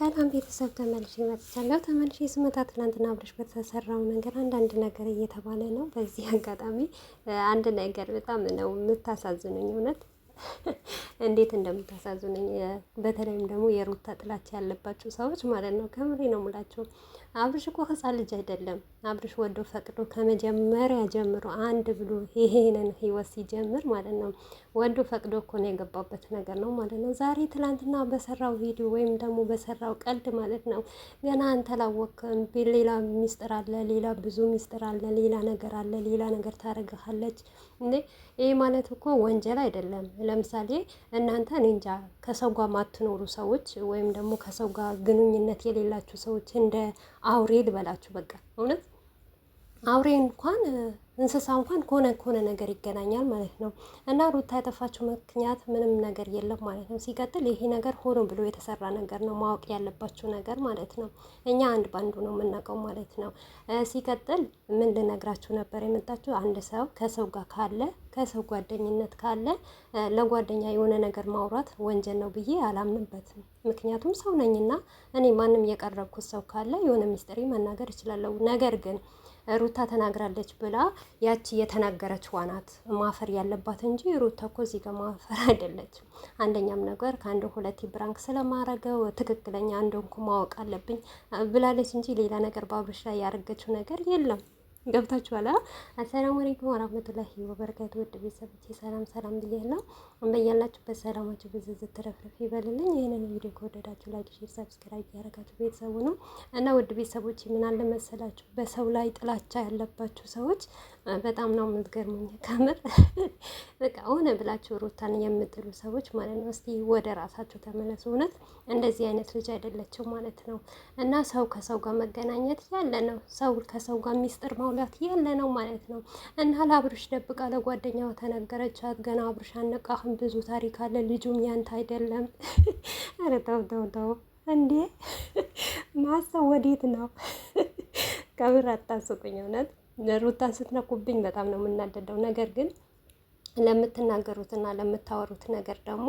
ሰላም ቤተሰብ ተመልሼ መጥቻለሁ። ተመልሼ ስመጣ ትናንትና አብረሽ በተሰራው ነገር አንዳንድ ነገር እየተባለ ነው። በዚህ አጋጣሚ አንድ ነገር በጣም ነው የምታሳዝኑኝ እውነት እንዴት እንደምታሳዝኑኝ በተለይም ደግሞ የሩታ ጥላቻ ያለባቸው ሰዎች ማለት ነው። ከምሬ ነው ሙላቸው። አብርሽ እኮ ህፃ ልጅ አይደለም። አብርሽ ወዶ ፈቅዶ ከመጀመሪያ ጀምሮ አንድ ብሎ ይሄንን ህይወት ሲጀምር ማለት ነው ወዶ ፈቅዶ እኮ ነው የገባበት ነገር ነው ማለት ነው። ዛሬ ትላንትና በሰራው ቪዲዮ ወይም ደግሞ በሰራው ቀልድ ማለት ነው ገና አንተላወቅን፣ ሌላ ሚስጥር አለ፣ ሌላ ብዙ ሚስጥር አለ፣ ሌላ ነገር አለ፣ ሌላ ነገር ታደርግሃለች። እንዴ ይህ ማለት እኮ ወንጀል አይደለም። ለምሳሌ እናንተ እኔ እንጃ ከሰው ጋር ማትኖሩ ሰዎች ወይም ደግሞ ከሰው ጋር ግንኙነት የሌላችሁ ሰዎች እንደ አውሬ ልበላችሁ። በቃ እውነት አውሬ እንኳን እንስሳ እንኳን ከሆነ ከሆነ ነገር ይገናኛል ማለት ነው። እና ሩታ ያጠፋችው ምክንያት ምንም ነገር የለም ማለት ነው። ሲቀጥል ይሄ ነገር ሆኖ ብሎ የተሰራ ነገር ነው፣ ማወቅ ያለባቸው ነገር ማለት ነው። እኛ አንድ በአንዱ ነው የምናውቀው ማለት ነው። ሲቀጥል ምን ልነግራችሁ ነበር የመጣችሁ አንድ ሰው ከሰው ጋር ካለ ከሰው ጓደኝነት ካለ ለጓደኛ የሆነ ነገር ማውራት ወንጀል ነው ብዬ አላምንበትም። ምክንያቱም ሰው ነኝና እኔ ማንም የቀረብኩት ሰው ካለ የሆነ ሚስጥሪ መናገር እችላለሁ። ነገር ግን ሩታ ተናግራለች ብላ ያቺ የተናገረችዋ ናት ማፈር ያለባት እንጂ ሩታ እኮ እዚህ ጋር ማፈር አይደለች። አንደኛም ነገር ከአንድ ሁለት ብራንክ ስለማረገው ትክክለኛ እንደሆንኩ ማወቅ አለብኝ ብላለች እንጂ ሌላ ነገር በአብርሽ ላይ ያደረገችው ነገር የለም። ገብታችኋል። አሰላሙ አለይኩም ወራህመቱላሂ ወበረካቱ። ውድ ቤተሰቦቼ ሰላም ሰላም ብያለሁ። በያላችሁበት ሰላማችሁ ብዙ ትረፍረፍ ይበልልኝ። ይህንን ቪዲዮ ከወደዳችሁ ላይክ፣ ሼር፣ ሰብስክራይብ ያደረጋችሁ ቤተሰቡ ነው እና ውድ ቤተሰቦች ምን አለ መሰላችሁ በሰው ላይ ጥላቻ ያለባችሁ ሰዎች በጣም ነው የምትገርሙኝ። ከምር በቃ ሆነ ብላችሁ ሩታን የምጥሉ ሰዎች ማለት ነው። እስቲ ወደ ራሳችሁ ተመለሱ። እውነት እንደዚህ አይነት ልጅ አይደለችው ማለት ነው እና ሰው ከሰው ጋር መገናኘት ያለ ነው። ሰው ከሰው ጋር ሚስጥር በማውላት ያለ ነው ማለት ነው። እና ለአብርሽ ደብቃ ለጓደኛው ተነገረቻት። ገና አብርሽ አነቃህም፣ ብዙ ታሪክ አለ፣ ልጁም ያንተ አይደለም። ኧረ ተው ተው ተው እንዴ! ማሰብ ወዴት ነው? ከብር አታስቁኝ። እውነት ሩታን ስትነኩብኝ በጣም ነው የምናደደው ነገር ግን ለምትናገሩትና ለምታወሩት ነገር ደግሞ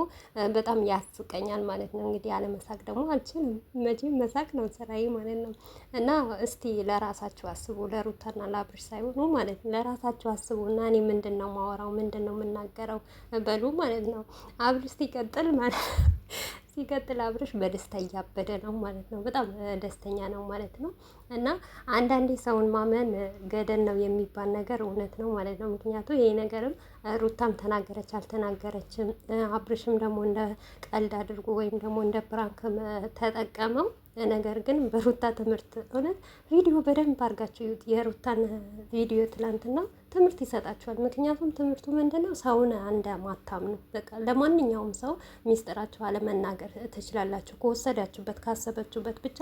በጣም ያስቀኛል ማለት ነው። እንግዲህ አለመሳቅ ደግሞ አልችልም መቼም መሳቅ ነው ስራዬ ማለት ነው። እና እስቲ ለራሳችሁ አስቡ፣ ለሩታና ለአብርሽ ሳይሆኑ ማለት ነው። ለራሳችሁ አስቡ እና እኔ ምንድን ነው ማወራው፣ ምንድን ነው የምናገረው በሉ ማለት ነው። አብርሽ ቀጥል ማለት ሲቀጥል አብርሽ በደስታ እያበደ ነው ማለት ነው። በጣም ደስተኛ ነው ማለት ነው። እና አንዳንዴ ሰውን ማመን ገደል ነው የሚባል ነገር እውነት ነው ማለት ነው። ምክንያቱ ይሄ ነገርም ሩታም ተናገረች አልተናገረችም፣ አብርሽም ደግሞ እንደ ቀልድ አድርጎ ወይም ደግሞ እንደ ፕራንክ ተጠቀመው። ነገር ግን በሩታ ትምህርት እውነት ቪዲዮ በደንብ አድርጋችሁ የሩታን ቪዲዮ ትላንትና ትምህርት ይሰጣችኋል። ምክንያቱም ትምህርቱ ምንድነው? ሰውን እንደማታም ነው። በቃ ለማንኛውም ሰው ሚስጥራችሁ አለመናገር ትችላላችሁ። ከወሰዳችሁበት ካሰበችሁበት ብቻ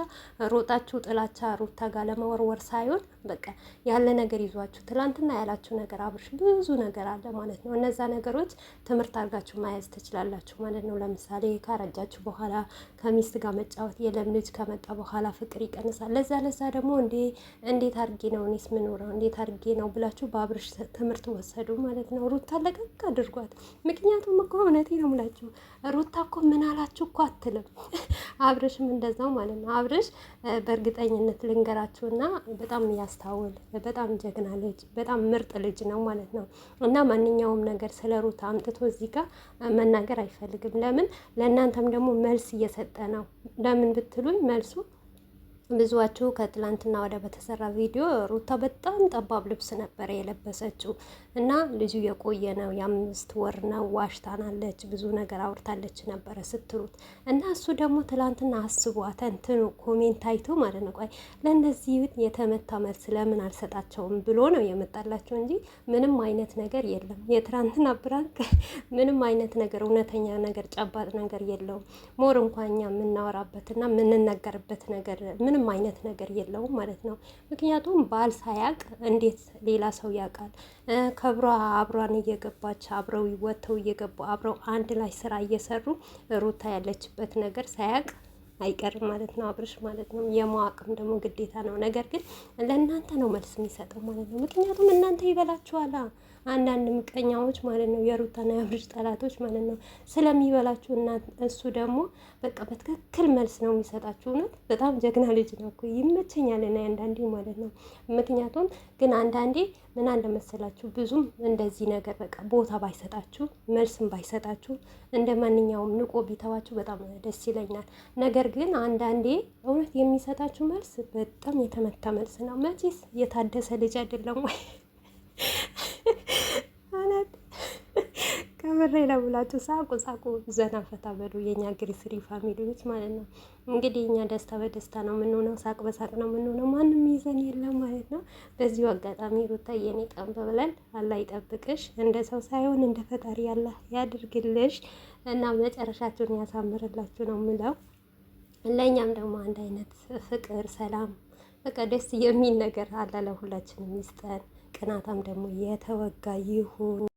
ሮጣችሁ ጥላቻ ሩታ ጋር ለመወርወር ሳይሆን በቃ ያለ ነገር ይዟችሁ ትላንትና ያላችሁ ነገር አብርሽ ብዙ ነገር አለ ማለት ነው። እነዛ ነገሮች ትምህርት አድርጋችሁ መያዝ ትችላላችሁ ማለት ነው። ለምሳሌ ካረጃችሁ በኋላ ከሚስት ጋር መጫወት የለም። ልጅ ከመጣ በኋላ ፍቅር ይቀንሳል። ለዛ ለዛ ደግሞ እንዴት አድርጌ ነው እኔስ ምኖረው እንዴት አድርጌ ነው ብላችሁ በአብር አብርሽ ትምህርት ወሰዱ ማለት ነው። ሩታ ለቀቅ አድርጓት። ምክንያቱም እኮ እውነቴ ነው የምላችሁ ሩታ እኮ ምን አላችሁ እኮ አትልም። አብርሽም እንደዛው ማለት ነው። አብርሽ በእርግጠኝነት ልንገራችሁና በጣም ያስታውል፣ በጣም ጀግና ልጅ፣ በጣም ምርጥ ልጅ ነው ማለት ነው። እና ማንኛውም ነገር ስለ ሩታ አምጥቶ እዚህ ጋር መናገር አይፈልግም። ለምን ለእናንተም ደግሞ መልስ እየሰጠ ነው። ለምን ብትሉኝ መልሱ ብዙዋችሁ ከትላንትና ወደ በተሰራ ቪዲዮ ሩታ በጣም ጠባብ ልብስ ነበር የለበሰችው እና ልጁ የቆየ ነው የአምስት ወር ነው ዋሽታናለች፣ ብዙ ነገር አውርታለች ነበረ ስትሉት እና እሱ ደግሞ ትላንትና አስቧ ተንትኑ ኮሜንት አይቶ ማለት ነው። ቆይ ለእነዚህ የተመታ መልስ ለምን አልሰጣቸውም ብሎ ነው የመጣላቸው እንጂ ምንም አይነት ነገር የለም። የትላንትና ብራንክ ምንም አይነት ነገር እውነተኛ ነገር ጨባጥ ነገር የለውም። ሞር እንኳን እኛ የምናወራበትና የምንነገርበት ነገር ምንም ምንም አይነት ነገር የለውም ማለት ነው። ምክንያቱም ባል ሳያቅ እንዴት ሌላ ሰው ያውቃል? ከብሯ አብሯን እየገባች አብረው ወጥተው እየገቡ አብረው አንድ ላይ ስራ እየሰሩ ሩታ ያለችበት ነገር ሳያቅ አይቀርም ማለት ነው አብርሽ ማለት ነው። የማዋቅም ደግሞ ግዴታ ነው። ነገር ግን ለእናንተ ነው መልስ የሚሰጠው ማለት ነው። ምክንያቱም እናንተ ይበላችኋላ አንዳንድ ምቀኛዎች ማለት ነው፣ የሩታና የአብርሽ ጠላቶች ማለት ነው ስለሚበላችሁ እና እሱ ደግሞ በቃ በትክክል መልስ ነው የሚሰጣችሁ። እውነት በጣም ጀግና ልጅ ነው እኮ ይመቸኛል፣ እና አንዳንዴ ማለት ነው ምክንያቱም ግን አንዳንዴ ምን አለ መሰላችሁ ብዙም እንደዚህ ነገር በቃ ቦታ ባይሰጣችሁ መልስም ባይሰጣችሁ እንደ ማንኛውም ንቆ ቢተዋችሁ በጣም ደስ ይለኛል። ነገር ግን አንዳንዴ እውነት የሚሰጣችሁ መልስ በጣም የተመታ መልስ ነው። መቼስ የታደሰ ልጅ አይደለም ወይ? የምሬ ነው ብላችሁ ሳቁ ሳቁ፣ ዘና ፈታ በሉ ግሪስሪ ፋሚሊዎች ማለት ነው። እንግዲህ እኛ ደስታ በደስታ ነው የምንሆነው፣ ሳቅ በሳቅ ነው የምንሆነው። ማንም ይዘን የለም ማለት ነው። በዚሁ አጋጣሚ ሩታ የኔ ጠንበ ብለን አላህ ይጠብቅሽ፣ እንደ ሰው ሳይሆን እንደ ፈጣሪ አላህ ያድርግልሽ እና መጨረሻችሁን ያሳምርላችሁ ነው ምለው። ለእኛም ደግሞ አንድ አይነት ፍቅር፣ ሰላም በቃ ደስ የሚል ነገር አለ ለሁላችንም ይስጠን። ቅናታም ደግሞ የተወጋ ይሁን።